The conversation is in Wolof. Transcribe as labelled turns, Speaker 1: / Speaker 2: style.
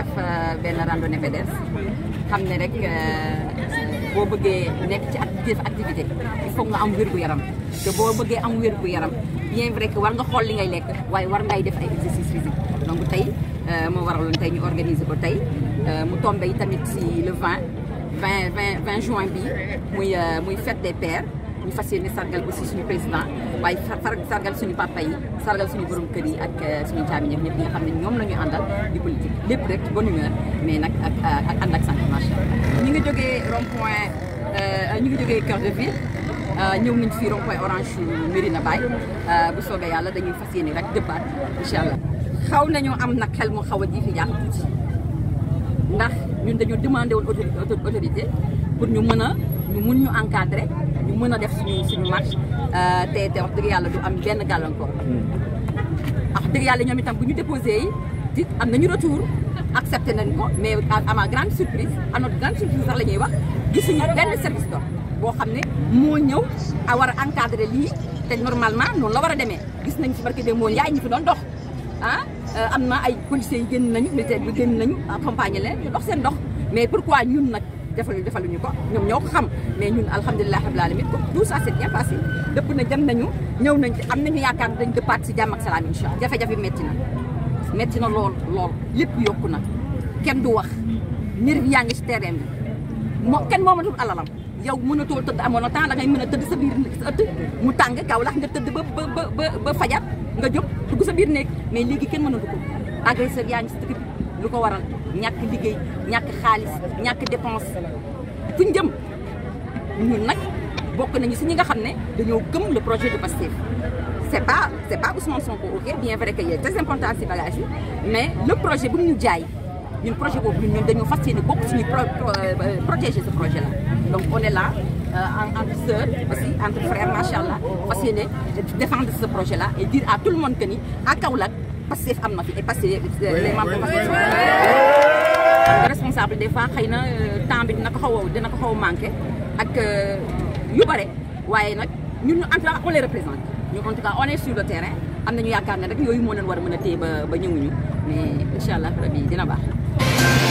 Speaker 1: def euh, benn randonnée pédestre xam ne rek euh, boo bëggee nekk ci activité il faut nga am wér yaram te boo bëggee am wér yaram bien vrai que war nga xool li ngay lekk waaye war ngay def ay exercice physique donc tey euh, moo waraloon tey ñu organiser ko tey mu tombé yi tamit si le 20 20 20 20 juin bi muy muy fête des pères ñu fas yéene sargal aussi suñu président waaye sargal suñu papa yi sargal suñu borom kër yi ak euh, suñu caabi ñëpp ñëpp ñi nga xam ne ñoom la ñu àndal di politique lépp rek ci bonne humeur mais nag ak euh, ak ànd ak sant marché ñi ngi jógee rond point euh, ñi ngi jógee cœur de ville ñëw nañ fii rond point orange Médina Baye bu soobee yàlla dañuy fas yéene rek dëppaat incha allah xaw nañu am nag xel mu xaw a ji fi yàlla tuuti ndax ñun dañu demandé woon autorité pour ñu mën a ñu mun ñu encadrer ñu mën a def suñu suñu match euh, te te wax dëgg yàlla du am benn gàllankoor. Hmm. wax dëgg yàlla ñoom itam bu ñu déposé yi di am na nañu retour accepté nañ ko mais am a grande surprise à notre grande surprise sax la ñuy wax gisuñu benn service d'ordre boo xam ne moo ñëw a war a encadré lii te normalement noonu la war a demee gis nañ ci barke de moo yaay ñu fi doon dox ah euh, am na ay policiers yi génn nañu militaire bi génn nañu accompagné leen ñu dox seen dox mais pourquoi defalu defaluñu ko ñoom ñoo ko xam mais ñun alhamdulilah rabbil alamin ko tout ça c'est bien passé dëpp na jëm nañu ñëw nañ ci am nañu yaakaar dañ dëppaat si jàmm ak salaam insha allah jafe-jafe metti na metti na lool lool lépp yokku na kenn du wax nerf yaa ngi ci terrain bi mo kenn moomatul alalam yow mënatoo tëdd amoon temps da ngay mën a sa biir ëtt mu tàng kaw lax nga tëdd ba ba ba fajar nga jóg dugg sa biir néeg mais léegi kenn mënatu ko agresseur yaa ngi si lu ko waral ñak liggéey ñak xaalis ñak dépense fu dem jëm ñun nag bokk nañu si ñi nga xam dañoo gëm le projet de Pastef c'est pas c'est pas Ousmane Sonko ok bien vrai que il est très important à bagage yi mais le projet bu ñu jaay ñun projet bobu ñun dañoo fas yéene bokk suñu euh, protéger ce projet là donc on est là euh, entre soeurs aussi entre frères machallah, allah défendre ce projet là et dire à tout le monde que ni à Pastef am na fi et Pastef euh, les membres euh, responsable des fois xëy na euh, temps bi dina ko xaw a dina ko xaw a manqué ak yu bare waaye nag ñun en tout cas on les ñu en tout cas on est sur le terrain am nañu yaakaar ne rek yooyu moo leen war a mën a téye ba ba ñëwuñu mais incha allah rabi dina baax